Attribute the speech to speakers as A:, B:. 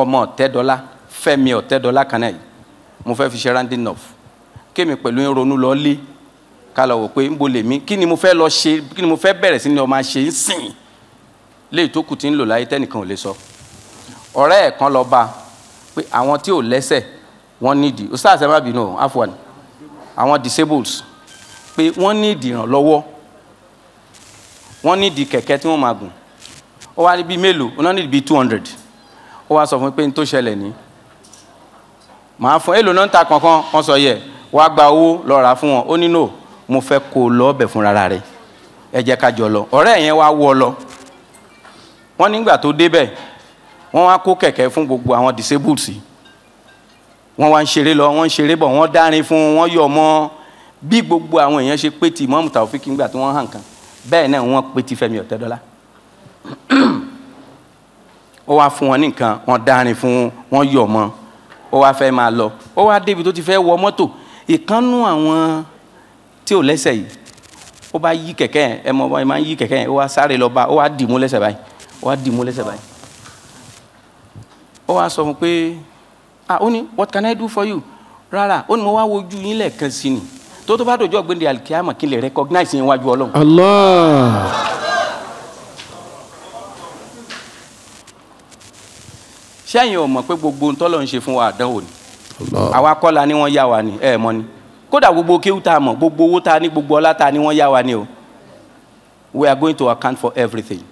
A: ọmọ ọ̀tẹ́dọ́lá fẹ́mi ọ̀tẹ́dọ́lá kan náà yìí mo fẹ́ fi ṣe rounding off kémi pẹ̀lú ń ronú lọ lé ká lọ wò pé ń bo lèmi kí ni mo fẹ́ lọ ṣe kí ni mo fẹ́ bẹ̀rẹ̀ sí ni ọmọ ṣe ń sìn léyìí tó kù tí ń lò láyé tẹ́nìkan ò lè sọ ọ̀rẹ́ ẹ̀ kan lọ bá pé àwọn tí ò lẹ́sẹ̀ wọ́n nídìí o sáà sẹ́fà bínú afuwan àwọn disables pé wọ́n nídìí ìrànlọ́wọ́ wọ́n nídìí kẹ̀kẹ́ tí wọ́n máa gùn ó wá ní mélòó ó náà nídìí bíi two hundred ó wá sọ fún mi pé n tó ṣẹlẹ̀ ní màá fún èlò náà ń ta kankan wọ́n sọ yẹ wàá gba owó lọ rà fún wọn ó ní no mo fẹ́ kó o lọ ọbẹ̀ fúnra rẹ̀ ẹ jẹ́ ká jọ lọ ọ̀rẹ́ yẹn wá wọ lọ wọ́n nígbà tó débẹ̀ wọ́n wá kó kẹ̀kẹ́ fún gbogbo àwọn disabled sí wọ́n wá ń ṣeré lọ wọ́n ń ṣeré bọ̀ wọ́n dárin fún wọ́n yọ̀ mọ́ bí gbogbo àwọn èèyàn ṣe pé ti Imam Taofik ńgbà tí wọ́n hàn kan bẹ́ẹ̀ náà wọ́n pé ti Fẹ́mi Ọ̀tẹ́dọ́lá ó wá fún wọn ní wọn dárin fún wọn yọ̀ mọ́ ó wá fẹ́ máa lọ ó wá débi tó ti fẹ́ wọ mọ́tò ìkànnú àwọn tí ò lẹ́sẹ̀ yìí ó bá yí kẹ̀kẹ́ yẹn ẹ mọ ẹ máa ń yí kẹ̀kẹ́ yẹn ó wá sáré lọ bá ó wá dìmú lẹ́sẹ̀ báyìí ó wá dìmú lẹ́sẹ̀ báyìí ó wá sọ fún pé ah ó ní what can I do for you rárá ó ní mo wá wojú yín lẹ́ẹ̀kan sí ni tó tó bá dòjọ́ gbéǹde alikiyama kí n lè recognize yín wájú ọlọ́run. Allah. sẹ́yìn ò mọ̀ pé gbogbo ohun ń ṣe fún wa àdánwò ni àwa kọ́la ni wọ́n yá wa ni ẹ̀ mọ́ ni kódà gbogbo kéwù tá mọ̀ gbogbo owó tá a gbogbo ọlá tá a wọ́n yá wa ni o we are going to account for everything.